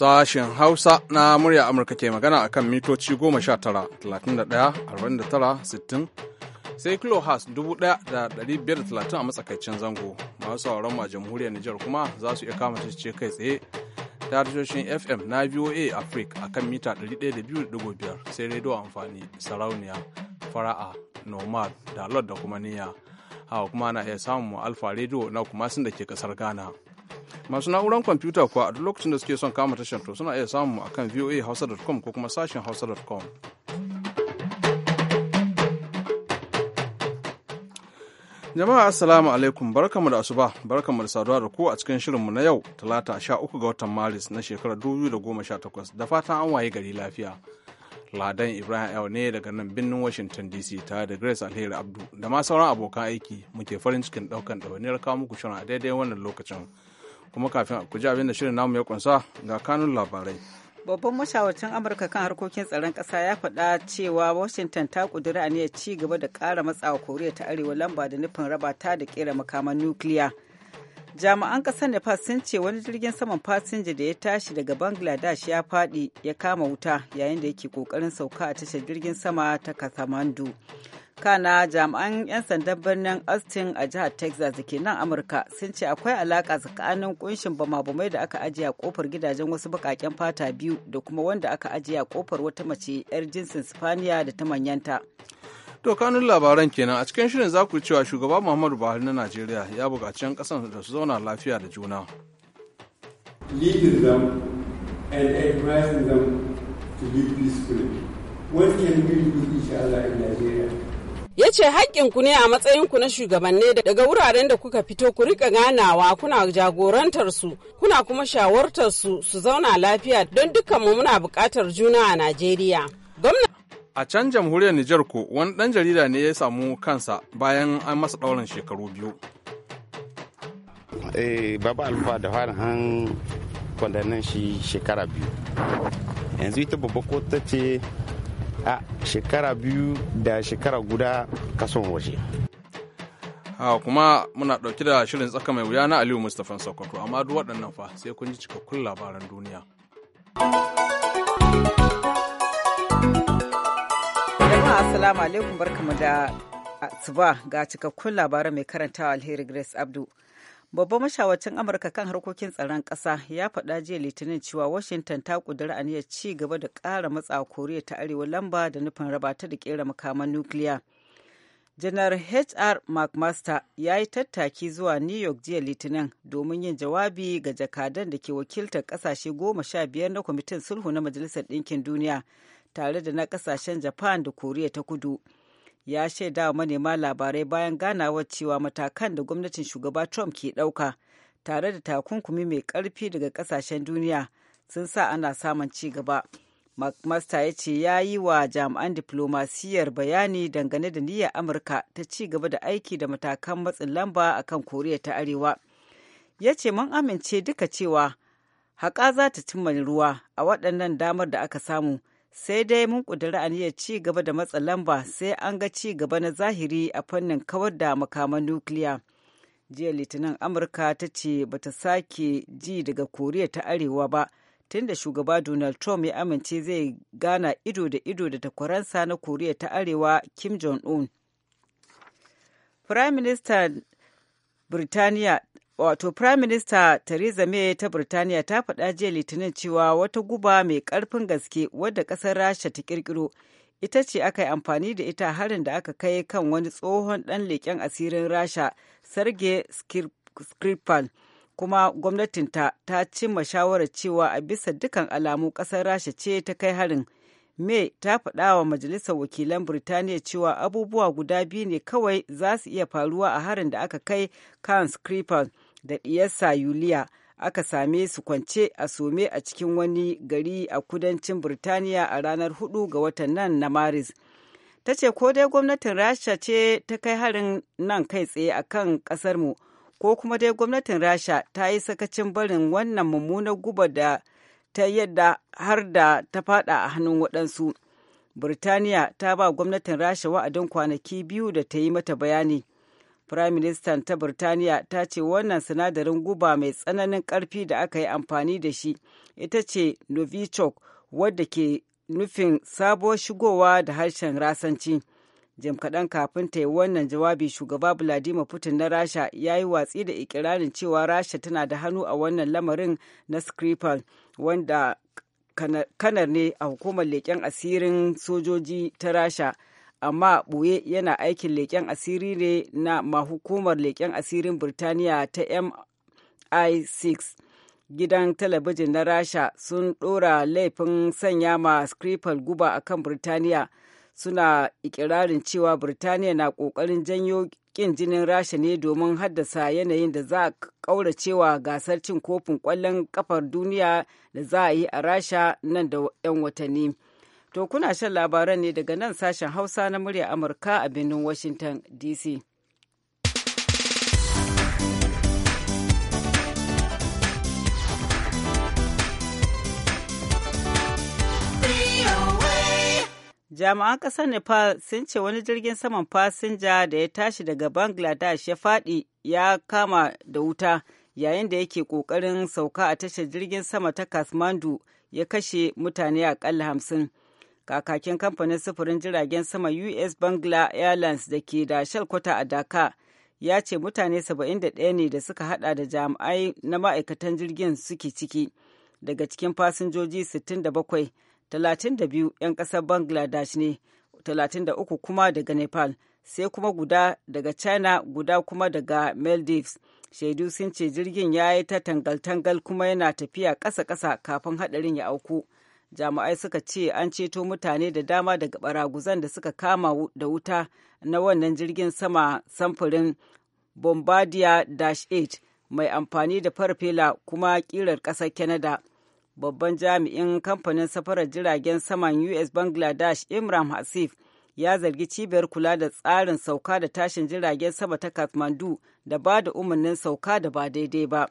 Sashen Hausa na murya Amurka ke magana a kan mitoci 19-31-49-60 sai kilohas 1,530 a matsakaicin zango masu sauran ma jamhuriyar Nijar kuma za su iya kama ce kai tsaye ta tashoshin FM na VOA Africa a kan mita 102.5 sai rediyo amfani sarauniya fara'a nomad da da kuma niya hawa kuma na iya samun alfa rediyo na kuma sun da ke kasar Ghana. masu na'urar kwamfuta kuwa a duk lokacin da suke son kama tashar to suna iya samu a kan voahausa.com ko kuma sashen hausa.com jama'a assalamu alaikum barkamu da asuba barkamu da saduwa da ku a cikin shirinmu na yau talata sha uku ga watan maris na shekarar 2018 da goma da fatan an waye gari lafiya Ladan Ibrahim yau ne daga nan birnin Washington DC tare da Grace Alheri Abdu da ma sauran abokan aiki muke farin cikin daukan ɗawainiyar kawo muku shirin a daidai wannan lokacin. kuma kafin ku ji abin da shirin namu ya kunsa ga kanun labarai babban mashawarcin amurka kan harkokin tsaron ƙasa ya faɗa cewa washington ta ƙudiri aniyar ci gaba da ƙara matsawa koriya ta arewa lamba da nufin raba ta da ƙera makaman nukiliya jami'an ƙasar nepal sun ce wani jirgin saman fasinja da ya tashi daga bangladesh ya faɗi ya kama wuta yayin da yake ƙoƙarin sauka a tashar jirgin sama ta kathmandu kana jami'an 'yan sandan birnin austin a jihar texas da ke nan amurka sun ce akwai alaka tsakanin kunshin bama-bamai da aka ajiye a kofar gidajen wasu bakaken fata biyu da kuma wanda aka ajiye a kofar wata mace 'yar jinsin spaniya da ta manyanta to kanun labaran kenan a cikin shirin za ku cewa shugaba muhammadu buhari na najeriya ya buƙaci 'yan ƙasan da su zauna lafiya da juna them and them to live peacefully what can we do with each other in nigeria ya ce haƙƙinku ne a matsayinku na shugabanni daga wuraren da kuka fito ku rika ganawa kuna jagorantar su kuna kuma shawartar su su zauna lafiya don dukkanmu muna buƙatar juna a najeriya a can jamhuriyar nijar ko wani dan jarida ne ya samu kansa bayan an masa ɗaurin shekaru biyu eh baba alfa da fara han kwandannan shi shekara biyu yanzu ita babba ko ta ce a shekara biyu da shekara guda kason waje a kuma muna ɗauki da shirin tsaka mai wuya na aliyu mustapha sokoto amma duk waɗannan fa sai kun ji cikakkun labaran duniya jama'a assalamu alaikum barkamu da asuba ga cikakkun labaran mai karantawa alheri grace abdu babban mashawacin amurka kan harkokin tsaron ƙasa ya faɗa jiya litinin cewa washington ta ƙudiri aniyar ci gaba da ƙara matsa koriya ta arewa lamba da nufin raba ta da ƙera makaman nukiliya janar hr mcmaster ya yi tattaki zuwa new york jiya litinin domin yin jawabi ga jakadan da ke wakiltar ƙasashe goma sha biyar na kwamitin sulhu na majalisar ɗinkin duniya tare da na ƙasashen japan da koriya ta kudu ya shaida wa manema labarai bayan ganawar cewa matakan da gwamnatin shugaba Trump ke ɗauka tare da takunkumi mai ƙarfi daga ƙasashen duniya sun sa ana samun ci gaba. McMaster ya ce ya yi wa jami'an diflomasiyar bayani dangane da niyyar Amurka ta ci gaba da aiki da matakan matsin lamba a kan Koriya ta Arewa. Ya ce mun amince duka cewa haƙa za ta cimma ruwa a waɗannan damar da aka samu sai dai mun ƙudiri aniyar ci gaba da matsa lamba sai an ga ci gaba na zahiri a fannin kawar da makaman nukiliya jiya litinin amurka ta ce ba ta sake ji daga koriya ta arewa ba tun da shugaba donald trump ya amince zai gana ido da ido da takwaransa na koriya ta arewa kim jong-un Firaministan Birtaniya wato prime minister theresa may ta burtaniya ta faɗa jiya litinin cewa wata guba mai ƙarfin gaske wadda ƙasar rasha ta ƙirƙiro ita ce aka yi amfani da ita harin da aka kai kan wani tsohon ɗan leken asirin rasha sergei skripal kuma gwamnatinta ta cimma shawarar cewa a bisa dukan alamu ƙasar rasha ce ta kai harin may ta faɗa wa majalisar wakilan birtaniya cewa abubuwa guda biyu ne kawai za su iya faruwa a harin da aka kai kan skripal da ɗiyarsa Yuliya aka same su kwance a some a cikin wani gari a kudancin Birtaniya a ranar 4 ga watan nan na Maris. Ta ce ko dai gwamnatin Rasha ce ta kai harin nan kai tsaye a kan ƙasarmu ko kuma dai gwamnatin Rasha ta yi sakacin barin wannan mummunar guba da ta yadda har da ta fada a hannun waɗansu. Birtaniya ta ba gwamnatin Rasha wa'adin kwanaki biyu da ta yi mata bayani. Prime Minister ta Burtaniya ta ce wannan sinadarin guba mai tsananin ƙarfi da aka yi amfani da shi ita ce Novichok wadda ke nufin sabuwar shigowa da harshen Rasanci. Jim kaɗan kafin ta yi wannan jawabi shugaba Vladimir Putin na Rasha ya yi watsi da ikirarin cewa Rasha tana da hannu a wannan lamarin na Skripal wanda kanar ne a hukumar leƙen asirin sojoji ta Rasha. amma a yana aikin leƙen asiri ne na mahukumar leƙen asirin Birtaniya ta MI6. Gidan talabijin na Rasha sun ɗora laifin sanya ma Skripal guba a kan Birtaniya suna ikirarin cewa Birtaniya na ƙoƙarin janyo ƙin jinin Rasha ne domin haddasa yanayin da za a ƙauracewa gasar cin kofin ƙwallon ƙafar duniya da za a yi a Rasha nan da 'yan watanni. To kuna shan labaran ne daga nan sashen Hausa na murya Amurka a birnin Washington DC. Jami'an ƙasar Nepal sun ce wani jirgin saman fasinja da ya tashi daga Bangladesh ya faɗi ya kama da wuta yayin da yake ƙoƙarin sauka a tashar jirgin sama ta Kathmandu ya kashe mutane aƙalla hamsin. kakakin kamfanin sufurin jiragen sama US Bangla Airlines da ke da shalkwata a Dhaka ya ce mutane 71 ne da suka hada da jami'ai na ma'aikatan jirgin suke ciki daga cikin fasinjoji 67 32 'yan ƙasar Bangladesh ne 33 kuma daga Nepal sai kuma guda daga China guda kuma daga Maldives. Shaidu sun ce jirgin ya yi ta tangal-tangal kuma yana tafiya ƙasa-ƙasa kafin haɗarin ya auku. jami'ai suka ce an ceto mutane da dama daga baraguzan da suka kama da wuta na wannan jirgin sama samfurin bombardier dash 8 mai amfani da farfela kuma kirar ƙasar canada babban jami'in kamfanin safarar jiragen saman us bangladesh imran hasif ya zargi cibiyar kula da tsarin sauka da tashin jiragen sama ta kathmandu da ba da umarnin sauka da ba daidai ba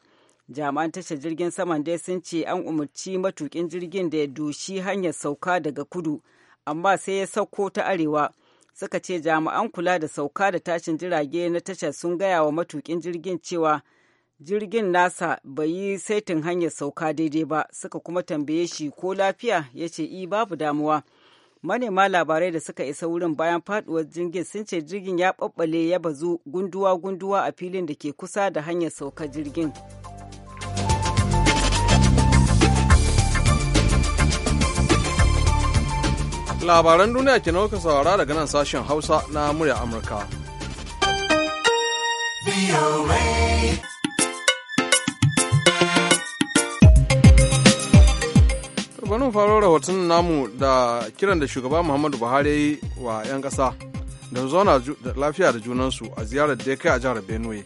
jami'an tashar jirgin saman dai sun ce an umarci matukin jirgin da ya dushi hanyar sauka daga kudu amma sai ya sauko ta arewa suka ce jami'an kula da sauka da tashin jirage na tashar sun gaya wa matukin jirgin cewa jirgin nasa bai yi saitin hanyar sauka daidai ba suka kuma tambaye shi ko lafiya ya ce i eh, babu damuwa manema labarai da suka isa wurin bayan faduwar jirgin sun ce jirgin ya ɓaɓɓale ya bazu gunduwa-gunduwa a filin da ke kusa da hanyar sauka jirgin. labaran duniya ke nauka saurara daga nan sashen hausa na murya amurka bari mu faro rahoton namu da kiran da shugaba muhammadu buhari yi wa 'yan ƙasa da zauna lafiya da junansu a ziyarar da ya kai a jihar benue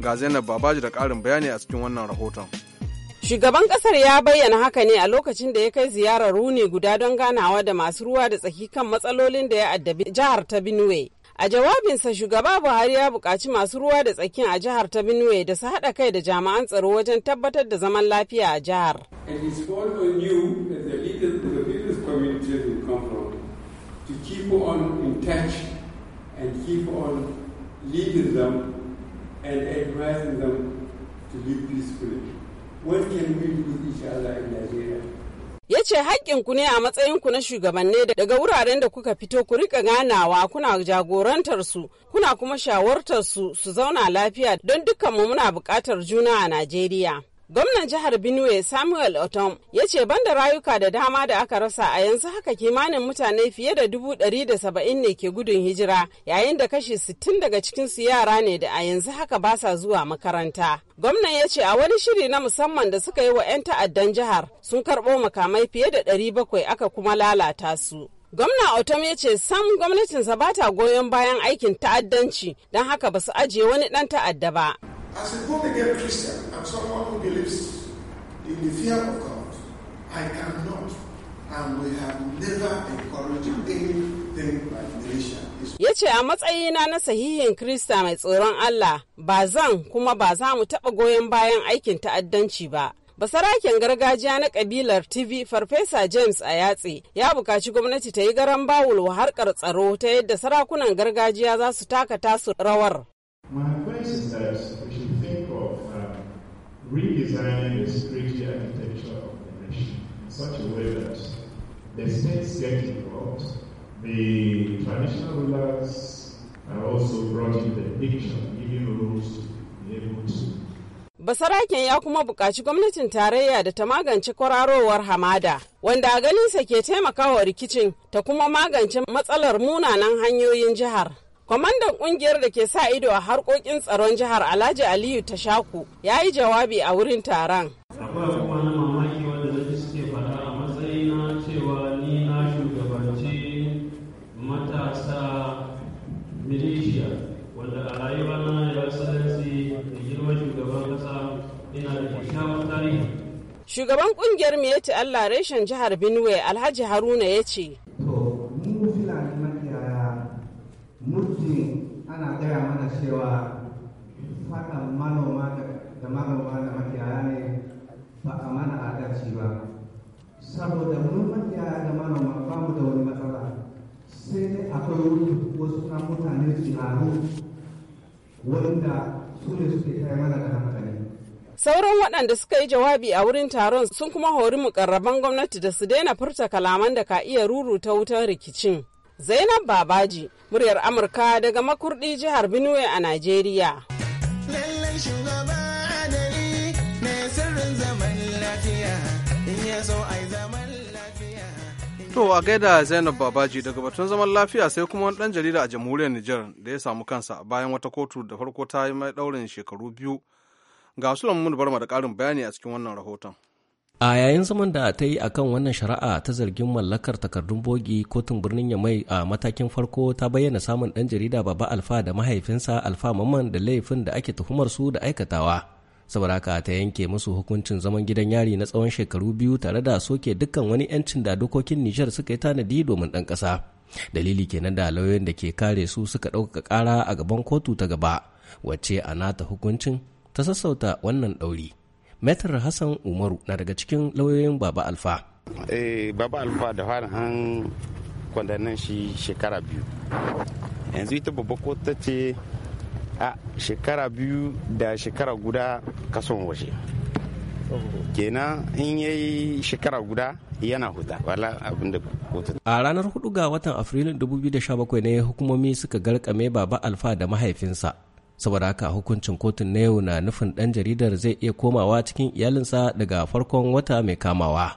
ga zainab babaji da ƙarin bayani a cikin wannan rahoton Shugaban kasar ya bayyana haka ne a lokacin da ya kai ziyarar runi guda don ganawa da masu ruwa da tsaki kan matsalolin da ya addabi jihar ta Benue. A jawabinsa shugaba Buhari ya buƙaci masu ruwa da tsakin a jihar ta Benue da su haɗa kai da jami'an tsaro wajen tabbatar da zaman lafiya a jihar. to keep and advising them to live peacefully. yace can shi Allah in ya ce ku ne a matsayinku na shugabanni daga wuraren da kuka fito ku rika ganawa kuna jagorantar su kuna kuma shawartar su su zauna lafiya don dukkanmu muna buƙatar juna a najeriya Gwamnan jihar Benue Samuel Otom ya ce banda rayuka da dama da aka rasa a yanzu haka kimanin mutane fiye da dubu ɗari da saba'in ne ke gudun hijira yayin da kashi sittin daga cikin su yara ne da a yanzu haka ba sa zuwa makaranta. Gwamnan ya ce a wani shiri na musamman da suka yi wa 'yan ta'addan jihar sun karɓo makamai fiye da ɗari bakwai aka kuma lalata su. Gwamna Otom ya ce sam gwamnatinsa ba ta goyon bayan aikin ta'addanci don haka ba su ajiye wani ɗan ta'adda ba. As a born again Christian, I'm someone who believes in the fear of God. I cannot and we have never encouraged anything like a matsayina na sahihin krista mai tsoron Allah ba zan kuma ba za mu taɓa goyon bayan aikin ta'addanci ba. basarakin gargajiya na kabilar TV Farfesa James a yatse ya bukaci gwamnati ta yi garan bawul wa harkar tsaro ta yadda sarakunan gargajiya za su taka tasu rawar. My redesigning the security architecture of the nation in such a way that the states get involved, the traditional rulers are also brought into the picture, giving rules to be able to Basaraken ya kuma buƙaci gwamnatin tarayya da ta magance kwararowar hamada, wanda a ganinsa ke taimakawa rikicin ta kuma magance matsalar munanan hanyoyin jihar. Kwamandan ƙungiyar da ke sa ido a harkokin tsaron jihar Alhaji Aliyu Tashaku ya yi jawabi a wurin taron. Shugaban wanda a ya ci shugaban kasa yana da Allah reshen jihar Benue Alhaji Haruna ya ce cewa hakan manoma da manoma da makiyaya ne ba a mana adalci ba saboda mu makiyaya da manoma ba mu da wani matsala sai dai akwai wasu na mutane tsinaru wanda su ne suke kai mana da hankali Sauran waɗanda suka yi jawabi a wurin taron sun kuma hori mukarraban gwamnati da su daina furta kalaman da ka iya ruruta wutar rikicin. Zainab Babaji, muryar Amurka daga makurdi jihar Benue a Najeriya. To a gaida Zainab Babaji daga batun zaman lafiya sai kuma wani ɗan jarida a jamhuriyar Nijar da ya samu kansa bayan wata kotu da farko ta yi mai ɗaurin shekaru biyu. Ga Sulaiman Mun Barma da ƙarin bayani a cikin wannan rahoton. a yayin zaman da ta yi akan wannan shari'a ta zargin mallakar takardun bogi kotun birnin yamai a matakin farko ta bayyana samun ɗan jarida baba alfa da mahaifinsa alfa mamman da laifin da ake tuhumar su da aikatawa saboda haka ta yanke musu hukuncin zaman gidan yari na tsawon shekaru biyu tare da soke dukkan wani yancin da dokokin nijar suka yi tanadi domin ɗan ƙasa dalili kenan da lauyoyin da ke kare su suka ɗaukaka ƙara a gaban kotu ta gaba wacce a nata hukuncin ta sassauta wannan ɗauri Metar Hassan Umaru na daga cikin lauyoyin Baba Alfa. Eh, Baba Alfa da fara an kwandannan shi shekara biyu. Yanzu ita babba ko ta ce a shekara biyu da shekara guda kason waje. kenan in ya yi shekara guda yana huta wala abin da a ranar 4 ga watan afrilun 2017 ne hukumomi suka garkame baba alfa da mahaifinsa saboda haka hukuncin kotun na yau na nufin ɗan jaridar zai iya komawa cikin iyalinsa daga farkon wata mai kamawa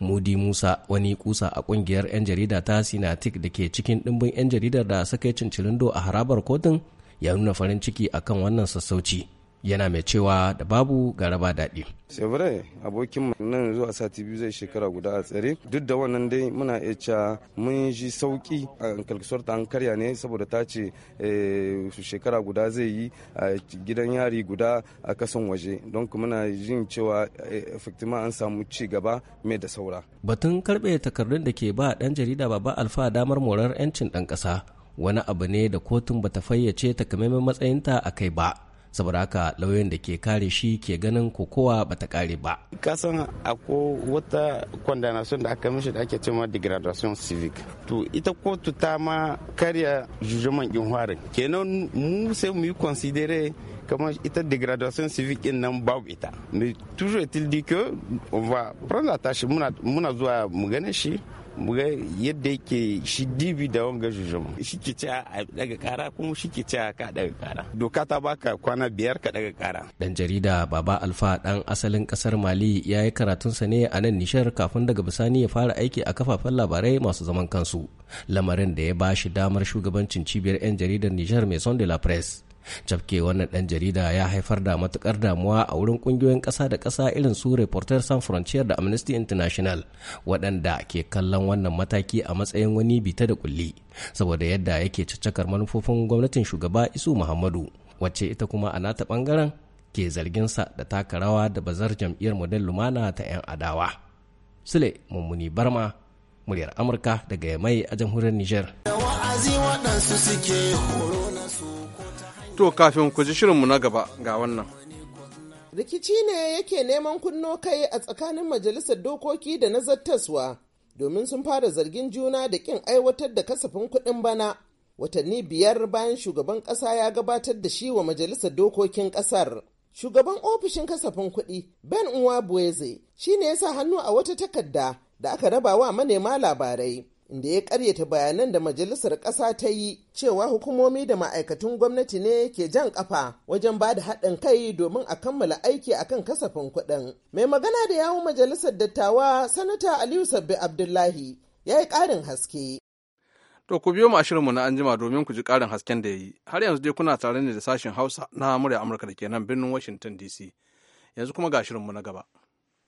mudi musa wani kusa a kungiyar 'yan jarida ta sinatik da ke cikin ɗimbin 'yan jaridar da suka yi cincirindo a harabar kotun ya nuna farin ciki akan wannan sassauci yana mai cewa da babu garaba daɗi. sevre abokin nan zuwa sati biyu zai shekara guda a tsare duk da wannan dai muna iya cewa mun ji sauki a kalkisar ta an karya ne saboda ta ce eh, shekara guda zai yi a gidan yari guda a kasan waje don muna jin cewa eh, efektima an samu ci gaba mai da saura batun karbe takardun da ke ba dan jarida baba alfa damar morar 'yancin dan kasa wani abu ne da kotun bata fayyace takamaiman matsayinta a kai ba saboda haka lauyoyin da ke kare shi ke ganin kokowa ba ta kare ba kasan akwai wata condemnation da aka mishi da ake cewa degradation civic to ita kotu ta ma karya jujjuman in harin kenan mu sai mu yi considere kamar ita degradation civic in nan babu ita mai toujours est-il dit que on va prendre la tâche muna zuwa mu gane shi muga yadda yake shi dibi da wanga jujum shi ke ci a daga kara kuma shi ke ci a ka daga kara doka ta baka kwana biyar ka daga kara dan jarida baba alfa dan asalin kasar mali ya yi karatunsa ne a nan nishar kafin daga bisani ya fara aiki a kafafen labarai masu zaman kansu lamarin da ya ba shi damar shugabancin cibiyar 'yan jaridar nishar maison de la presse cafke wannan dan jarida ya haifar da matukar damuwa a wurin ƙungiyoyin ƙasa da ƙasa irin su reporter san frontier da amnesty international waɗanda ke kallon wannan mataki a matsayin wani bita da kulli saboda yadda yake caccakar manufofin gwamnatin shugaba isu muhammadu wacce ita kuma a nata bangaren ke zarginsa da taka rawa da bazar jam'iyyar model lumana ta 'yan adawa sule mummuni barma muryar amurka daga yamai a jamhuriyar niger To kafin ku ji shirinmu na gaba ga wannan. Rikici ne yake neman kunno kai a tsakanin majalisar dokoki da na zattaswa domin sun fara zargin juna da ƙin aiwatar da kasafin kuɗin bana watanni biyar bayan shugaban ƙasa ya gabatar da shi wa majalisar dokokin ƙasar. Shugaban ofishin kasafin kuɗi Ben Nwabueze shi ne ya sa hannu a wata takarda da aka rabawa manema labarai. inda ya karyata bayanan da majalisar ƙasa ta yi cewa hukumomi da ma'aikatun gwamnati ne ke jan ƙafa wajen ba da haɗin kai domin a kammala aiki a kan kasafin kuɗin. Mai magana da yawun majalisar dattawa sanata Aliyu Sabbi Abdullahi ya yi ƙarin haske. To ku biyo mu a shirinmu na anjima domin ku ji ƙarin hasken da ya yi. Har yanzu dai kuna tare ne da sashen Hausa na murya Amurka da ke nan birnin Washington DC. Yanzu kuma ga shirinmu na gaba.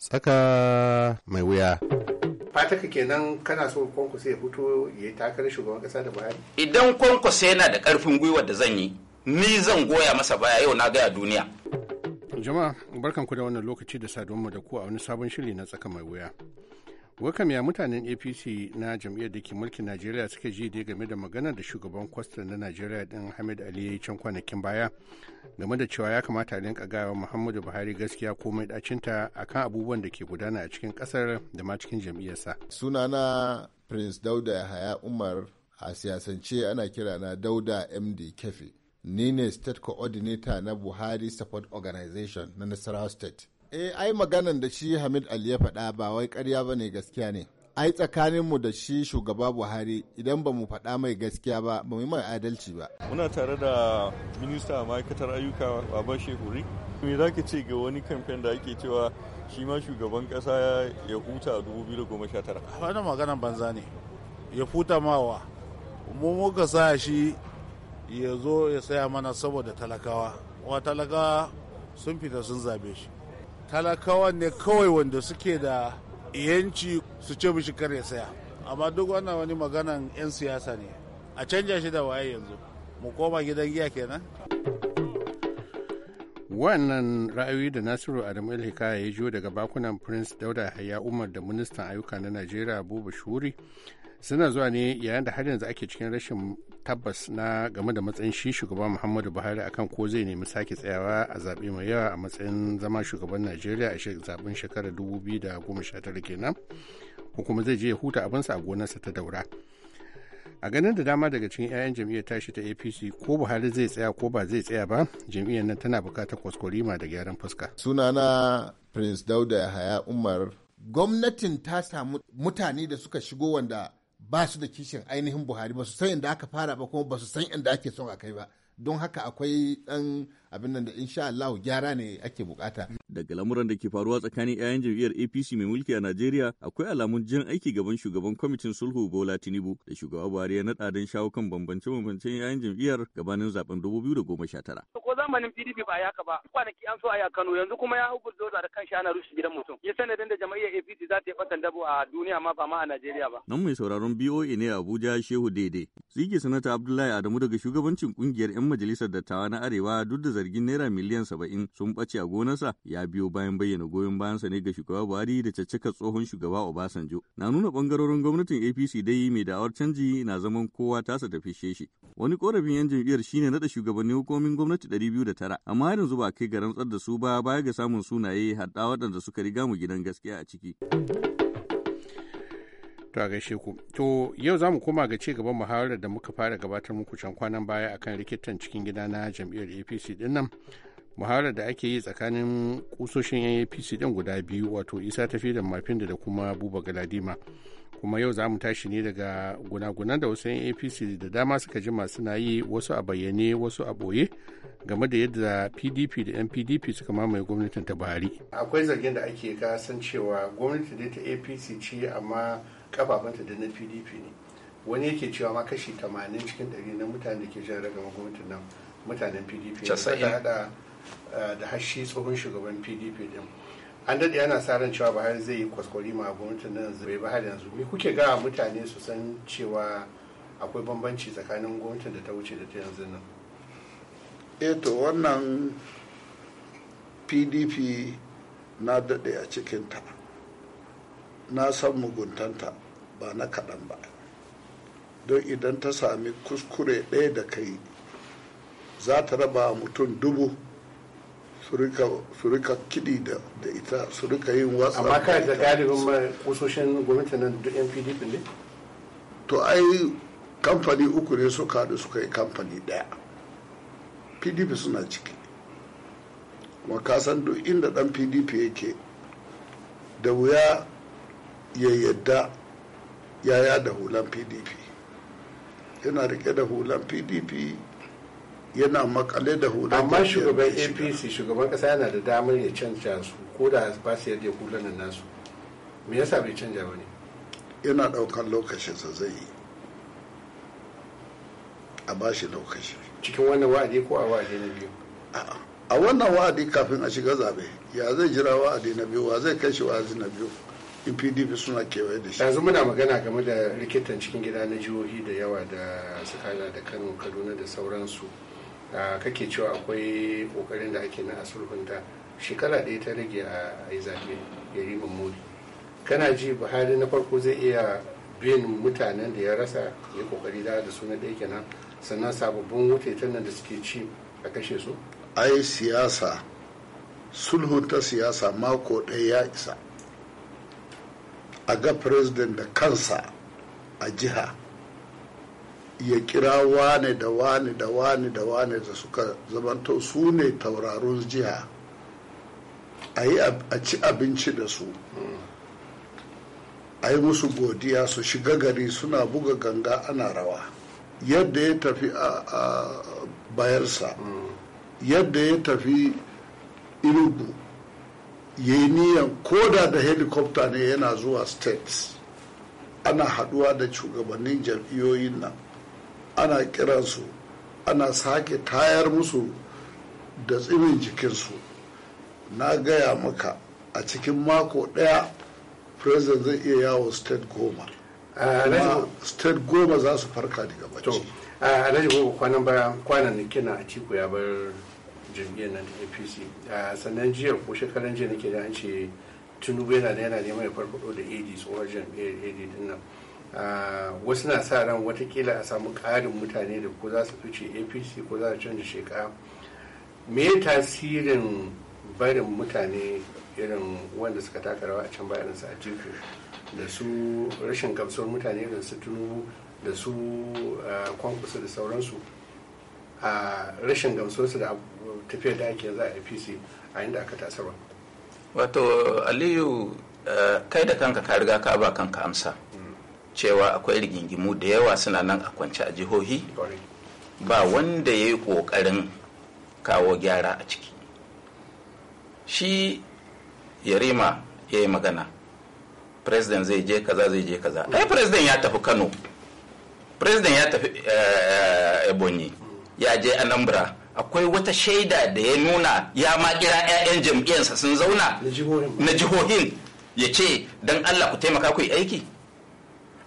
Tsaka mai wuya. fataka kenan kana so kwankwasa ya fito ya yi takarar shugaban kasa da buhari idan kwankwasa yana da karfin gwiwa da zan yi ni zan goya masa baya yau na gaya duniya jama'a barkanku da wannan lokaci da saduwanmu da ku a wani sabon shiri na tsaka mai wuya wakam ya mutanen apc na jam'iyyar da ke mulkin najeriya suka ji dai game da magana da shugaban kwastar na najeriya din hamid ali ya yi can kwanakin baya game da cewa ya kamata a linka gawa muhammadu buhari gaskiya komai dacinta akan abubuwan da ke gudana a cikin kasar da ma cikin jam'iyyarsa sunana prince dauda yahaya umar a siyasance ana kira na dauda md kefe ni ne state coordinator na buhari support organization na nasarawa state eh ai maganan da shi hamid ali ya faɗa ba wai karya ba ne gaskiya ne ai tsakaninmu da shi shugaba buhari idan ba mu faɗa mai gaskiya ba ba mu mai adalci ba muna tare da minista a ma'aikatar ayyuka baban shehuri me za ce ga wani kamfen da ake cewa shi ma shugaban kasa ya huta a 2019 wannan maganan banza ne ya huta mawa mu muka sa shi ya zo ya saya mana saboda talakawa wa talakawa sun fita sun zabe shi talakawa ne kawai wanda suke da yanci su ce mishi kare ya saya amma duk wannan wani maganan 'yan siyasa ne a canja shi da waye yanzu mu koma gidan giya kenan wannan ra'ayoyi da nasiru adamu ilhika ya jiyo daga bakunan prince dauda haya umar da ministan ayyuka na najeriya buba shuri suna zuwa ne yayin da har yanzu ake cikin rashin tabbas na game da matsayin shi shugaban muhammadu buhari akan ko zai nemi sake tsayawa a zaɓe mai yawa a matsayin zama shugaban najeriya a zaɓen shekarar 2019 kenan ko kuma zai je ya huta abinsa a gonarsa ta daura a ganin da dama daga cikin 'ya'yan jam'iyyar tashi ta apc ko buhari zai tsaya ko ba zai tsaya ba jam'iyyar nan tana bukatar kwaskwarima da gyaran fuska sunana prince dauda ya haya umar gwamnatin ta samu mutane da suka shigo wanda ba su da kishin ainihin buhari ba su san inda aka fara ba kuma ba su san inda ake son a kai ba don haka akwai dan abin nan da insha Allah gyara ne ake bukata. Daga lamuran da ke faruwa tsakanin 'ya'yan jam'iyyar APC mai mulki a Najeriya akwai alamun jin aiki gaban shugaban kwamitin sulhu Bola Tinubu da shugaba Buhari ya naɗa don shawo kan bambance-bambancen 'ya'yan jam'iyyar gabanin zaben 2019. ko zamanin PDP ba yaka ba kwanaki an so a Kano yanzu kuma ya doza da kanshi ana rushe gidan mutum ya sanadin da jama'iyyar APC za ta yi fatan dabo a duniya ma ba ma a Najeriya ba nan mai sauraron BOA ne Abuja Shehu Dede Tsige sanata Abdullahi Adamu daga shugabancin kungiyar 'yan majalisar dattawa na Arewa duk da zargin naira miliyan saba'in sun ɓace a gonarsa ya biyo bayan bayyana goyon bayansa ne ga shugaba Buhari da caccaka tsohon shugaba Obasanjo. Na nuna ɓangarorin gwamnatin APC dai mai da'awar canji na zaman kowa tasa tafi shi. Wani korafin 'yan jam'iyyar shine naɗa shugabannin hukumomin gwamnati 2009 amma har yanzu ba kai ga rantsar da su ba baya ga samun sunaye hadda waɗanda suka riga mu gidan gaskiya a ciki. To a gaishe ku. To yau za mu koma ga gaban muhawarar da muka fara gabatar muku can kwanan baya akan rikitan cikin gida na jam'iyyar APC din nan. Muhawarar da ake yi tsakanin kusoshin APC din guda biyu wato Isa Tafi da Mafinda da kuma Buba Galadima. kuma yau za mu tashi ne daga gunagunan da wasu 'yan apc da dama suka jima suna yi wasu a bayyane wasu a ɓoye game da yadda pdp da npdp suka mamaye gwamnatin ta buhari akwai zargin da ake ka san cewa gwamnati da ta apc ce amma kafafanta da na pdp ne wani yake cewa ma kashi 80 cikin 100 na mutane da ke jan ragama gwamnatin nan mutanen pdp ne ta hada eh, da hashi tsohon shugaban pdp din an daɗe ana sa ran cewa buhari zai yi kwaskwari ma gwamnatin nan zai ba har yanzu me kuke ga mutane su san cewa akwai bambanci tsakanin gwamnatin da ta wuce da ta yanzu nan eto wannan pdp na daɗe a cikinta na san muguntanta ba na kaɗan ba don idan ta sami kuskure ɗaya da kai za ta raba mutum dubu su rika kiɗi da ita su rika yin watsa amma kai da galibin kusoshin gwamnati nan duk yan pdp ne to ai kamfani uku ne suka haɗu suka yi kamfani ɗaya pdp suna ciki kuma kasan duk inda dan pdp yake da wuya ya yadda yaya da hulan pdp yana rike da hulan pdp yana makale da hulan amma shugaban apc shugaban kasa yana da damar ya canja su ko da ba su yadda hulan nasu me yasa bai canja ba ne yana daukan lokacinsa zai yi a bashi lokaci cikin wannan wa'adi ko a wa'adi na biyu a wannan wa'adi kafin a shiga zabe ya zai jira wa'adi na biyu wa zai kai shi wa'adi na biyu in pdp suna kewaye da shi yanzu muna magana game da rikitan cikin gida na jihohi da yawa da tsakana da kano kaduna da sauransu kake cewa akwai kokarin da ake na asulhunta shekara ɗaya ta rage a yi zaɓe ya yi mummuri kana ji buhari na farko zai iya bin mutanen da ya rasa ya kokari da da na ɗaya kenan sannan sababbin wuce nan da suke ci a kashe su ai siyasa sulhun ta siyasa mako ɗaya ya isa a ga president da kansa a jiha ya kira wane da wane da wane da wane da suka zamanto su ne taurarun jiha a yi a ci abinci da su a yi musu godiya su shiga gari suna buga ganga ana rawa yadda ya tafi a bayarsa yadda ya tafi irubu ya yi niyan koda da helicopter ne yana zuwa states ana haduwa da shugabannin jam'iyyoyin nan ana kiransu ana sake tayar musu da tsibin jikinsu na gaya maka a cikin mako daya president zai iya yawo state goma state goma za su farka daga bacci a rajin kwanan baya kwanan ne kina a tiku ya bar jam'iyyar nan da apc sannan jiya ko shekaran jiya nake da an ce tinubu yana da yana neman ya farfado da ad tsohon jam'iyyar ad din nan wasu na sa ran watakila a samu ƙarin mutane da ko za su fice apc ko za su canza shekara me tasirin barin mutane irin wanda suka taka rawa a can bayan sa a jefe da su rashin gamsuwar mutane da su tunu da su kwankusa da sauransu a rashin gamsuwarsu da tafiyar da ake za a apc a inda aka tasarwa wato aliyu kai da kanka ka riga ka ba kanka amsa cewa akwai rigingimu da yawa suna nan a kwance a jihohi ba wanda ya yi ƙoƙarin kawo gyara a ciki shi yarima ya yi magana president zai je kaza zai je kaza ai president ya tafi kano president ya tafi eh, eh, ebonyi ya je anambra akwai wata shaida da ya nuna ya ma kira 'ya'yan jam'iyyarsa sun zauna na jihohin ya ce don allah ku taimaka ku yi aiki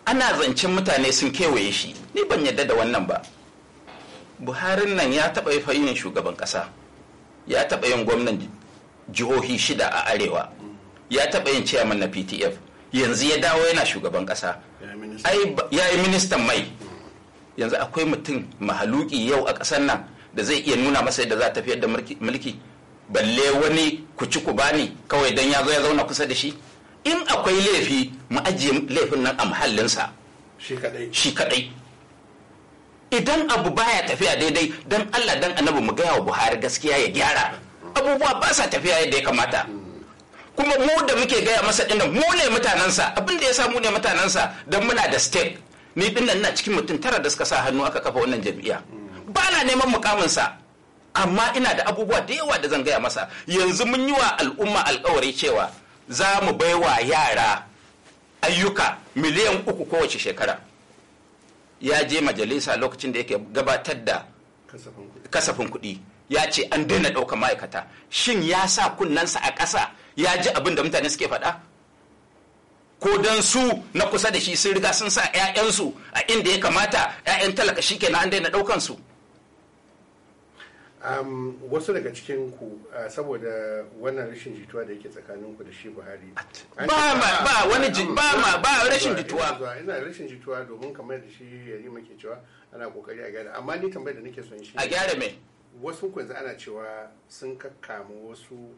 ana zancen mutane sun kewaye shi ni ban yadda da wannan ba buharin nan ya taɓa yin shugaban ƙasa ya taɓa yin gwamnan jihohi shida a arewa ya taɓa yin chairman na ptf yanzu ya dawo yana shugaban kasa ya yi ministan mai yanzu akwai mutum mahaluki yau a ƙasar nan da zai iya nuna masa yadda za a tafiyar da mulki balle wani ku ci ku bani kawai don ya zo ya zauna kusa da shi in akwai laifi mu ajiye laifin nan a muhallinsa shi kadai idan abu baya tafiya daidai dan allah dan annabi mu gaya wa buhari gaskiya ya gyara abubuwa ba sa tafiya yadda ya kamata kuma mu da muke gaya masa dinnan mu ne mutanensa abin da ya sa mu ne mutanensa don muna da step ni dinnan ina cikin mutum tara da suka sa hannu aka kafa wannan jam'iyya ba na neman mukaminsa amma ina da abubuwa da yawa da zan gaya masa yanzu mun yi wa al'umma alkawari cewa za mu bai wa yara ayyuka miliyan uku kowace shekara ya je majalisa lokacin da yake gabatar da kasafin kuɗi ya ce an daina ɗaukar ma'aikata shin ya sa kunnensa a ƙasa ya ji abin da mutane suke faɗa ko don su na kusa da shi sun riga sun sa 'ya'yansu a inda ya kamata 'ya'yan talaka shi ke an daina ɗaukan su Um, wasu daga cikin ku uh, saboda wannan rashin jituwa da yake tsakanin ku da shi Buhari ba ma ba wani ba ma ba rashin jituwa ina rashin jituwa domin kamar da shi yi maki cewa ana kokari a gyara amma ni tambayar da nake son shi a gyara me wasu ku yanzu ana cewa sun kakkamu wasu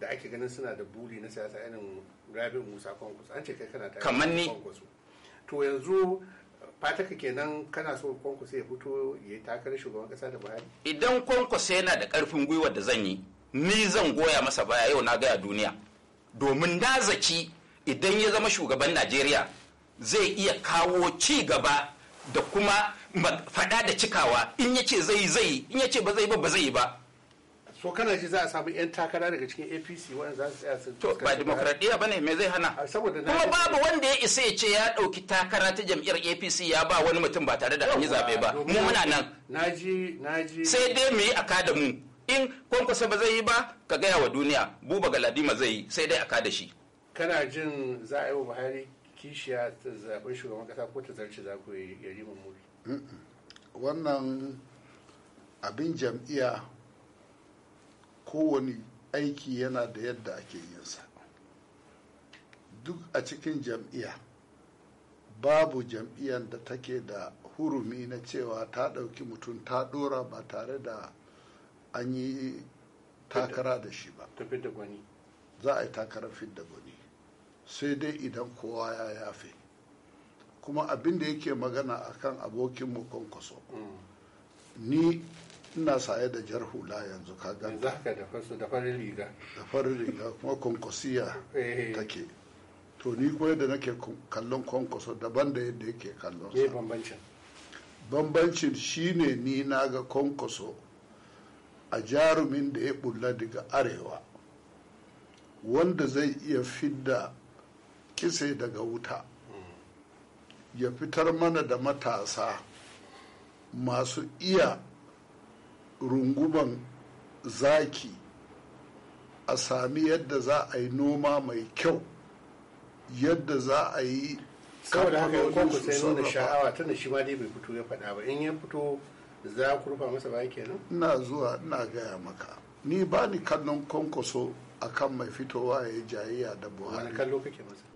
da ake ganin suna da buri na siyasa irin rabin musa kwankwaso an ce kai kana tare kamar ni to yanzu fataka kenan kana so kwankwaso ya fito ya yi takarar shugaban kasa da buhari idan kwankwaso yana da karfin gwiwa da zan yi ni zan goya masa baya yau na gaya duniya domin na zaki idan ya zama shugaban najeriya zai iya kawo ci gaba da kuma fada da cikawa in yace zai zai in yace ba zai ba ba zai ba so kana ji za a samu yan takara daga cikin apc waɗanda za su tsaya su to ba demokradiyya ne me zai hana kuma babu wanda ya isa ya ce ya ɗauki takara ta jam'iyyar apc ya ba wani mutum ba tare da an yi zaɓe ba mu muna nan naji naji sai dai mu yi aka da mu in kwankwasa ba zai yi ba ka gaya wa duniya buba galadima zai yi sai dai aka da shi kana jin za a yi wa buhari kishiya ta zaɓen shugaban ƙasa ko ta zarce za ku yi yari mummuri wannan abin jam'iyya kowane aiki yana da yadda ake yinsa duk a cikin jam'iya, babu jam'iyyar da take da hurumi na cewa ta ɗauki mutum ta ɗora ba tare da an yi takara da shi ba za a yi takarar da gwani sai dai idan kowa ya yafe kuma abin da yake magana akan abokinmu kwankwaso mm. ni ina saye da jar hula yanzu ka ganta da farin riga da farin riga kuma kwankwasiya eh. take to ni kuma yadda nake kallon kwankwaso daban da yadda yake kallon sa bambancin bambancin shine ni na ga kwankwaso a jarumin da ya bulla daga arewa wanda zai iya fidda kise daga wuta mm. ya fitar mana da matasa masu iya runguman zaki a sami yadda za a yi noma mai kyau yadda za a yi saboda haka yankon ku sai nuna sha'awa tunda shi ma dai bai fito ya faɗa ba in ya fito za a kurfa masa baya kenan ina zuwa ina gaya maka ni ba ni kallon kwankwaso kan mai fitowa ya jayayya da buhari wani kallo kake masa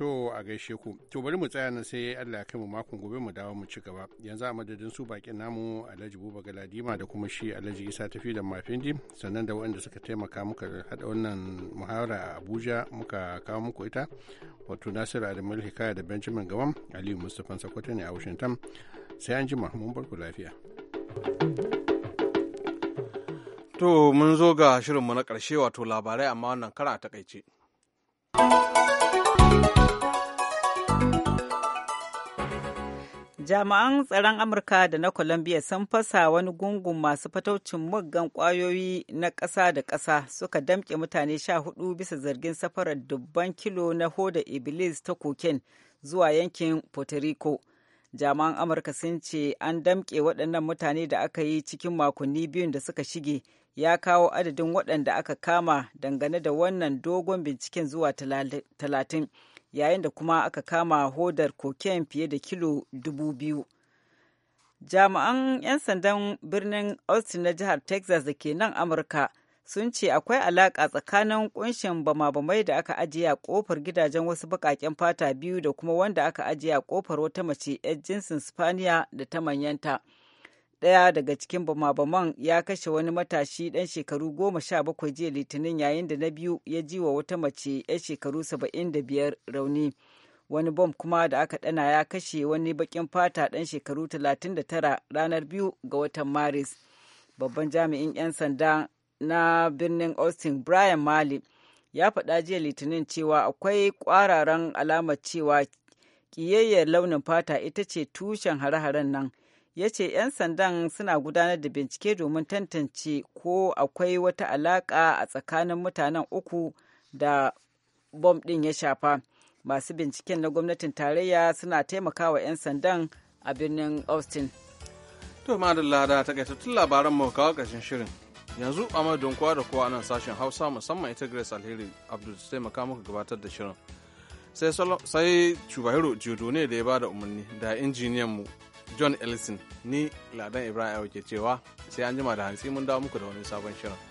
To a gaishe ku. To bari mu tsaya nan sai Allah ya kai mu makon gobe mu dawo mu ci gaba. Yanzu a madadin su bakin namu Alhaji Buba Galadima da kuma shi Alhaji Isa Tafi da Mafindi sannan da waɗanda suka taimaka muka hada wannan muhawara a Abuja muka kawo muku ita. Wato Nasiru Adamu Hikaya da Benjamin Gawam Aliyu mustafan Sokoto ne a Washington. Sai an jima mun bar ku lafiya. To mun zo ga shirin mu na karshe wato labarai amma wannan kara a takaice. jami'an tsaron amurka da na colombia sun fasa wani gungun masu fataucin muggan kwayoyi na ƙasa da ƙasa suka damƙe mutane sha hudu bisa zargin safarar dubban kilo na hoda iblis ta koken zuwa yankin puerto rico jami'an amurka sun ce an damƙe waɗannan mutane da aka yi cikin makonni biyun da suka shige ya kawo adadin waɗanda aka kama dangane da wannan dogon binciken zuwa talatin yayin da kuma aka kama hodar koken fiye da kilo dubu biyu jami'an 'yan sandan birnin austin na jihar texas da ke nan amurka sun ce akwai alaƙa tsakanin kunshin bama-bamai da aka ajiye a kofar gidajen wasu baƙaƙen fata biyu da kuma wanda aka ajiye a kofar wata mace 'yan jinsin spaniya da ta manyanta. daya daga cikin bama-baman ya kashe wani matashi dan shekaru goma sha bakwai jiya litinin yayin da na biyu ya ji wa wata mace ya shekaru saba'in da biyar rauni wani bom kuma da aka ɗana ya kashe wani bakin fata dan shekaru talatin da tara ranar biyu ga watan maris babban jami'in 'yan sanda na birnin austin brian mali ya faɗa jiya litinin cewa akwai ƙwararan alamar cewa kiyayyar launin fata ita ce tushen hare-haren nan ya ce 'yan sandan suna gudanar da bincike domin tantance ko akwai wata alaƙa a tsakanin mutanen uku da bom ɗin ya shafa masu binciken na gwamnatin tarayya suna taimakawa 'yan sandan a birnin austin to madalla da takaitattun labaran mu kawo ƙarshen shirin yanzu a don kowa da kowa nan sashen hausa musamman ita grace alheri abdul taimaka muka gabatar da shirin sai chubahiro jodo ne da ya bada umarni da injiniyan mu john ellison ni ladan ibrahim ke cewa sai an jima da hantsi mun dawo muku da wani sabon shirin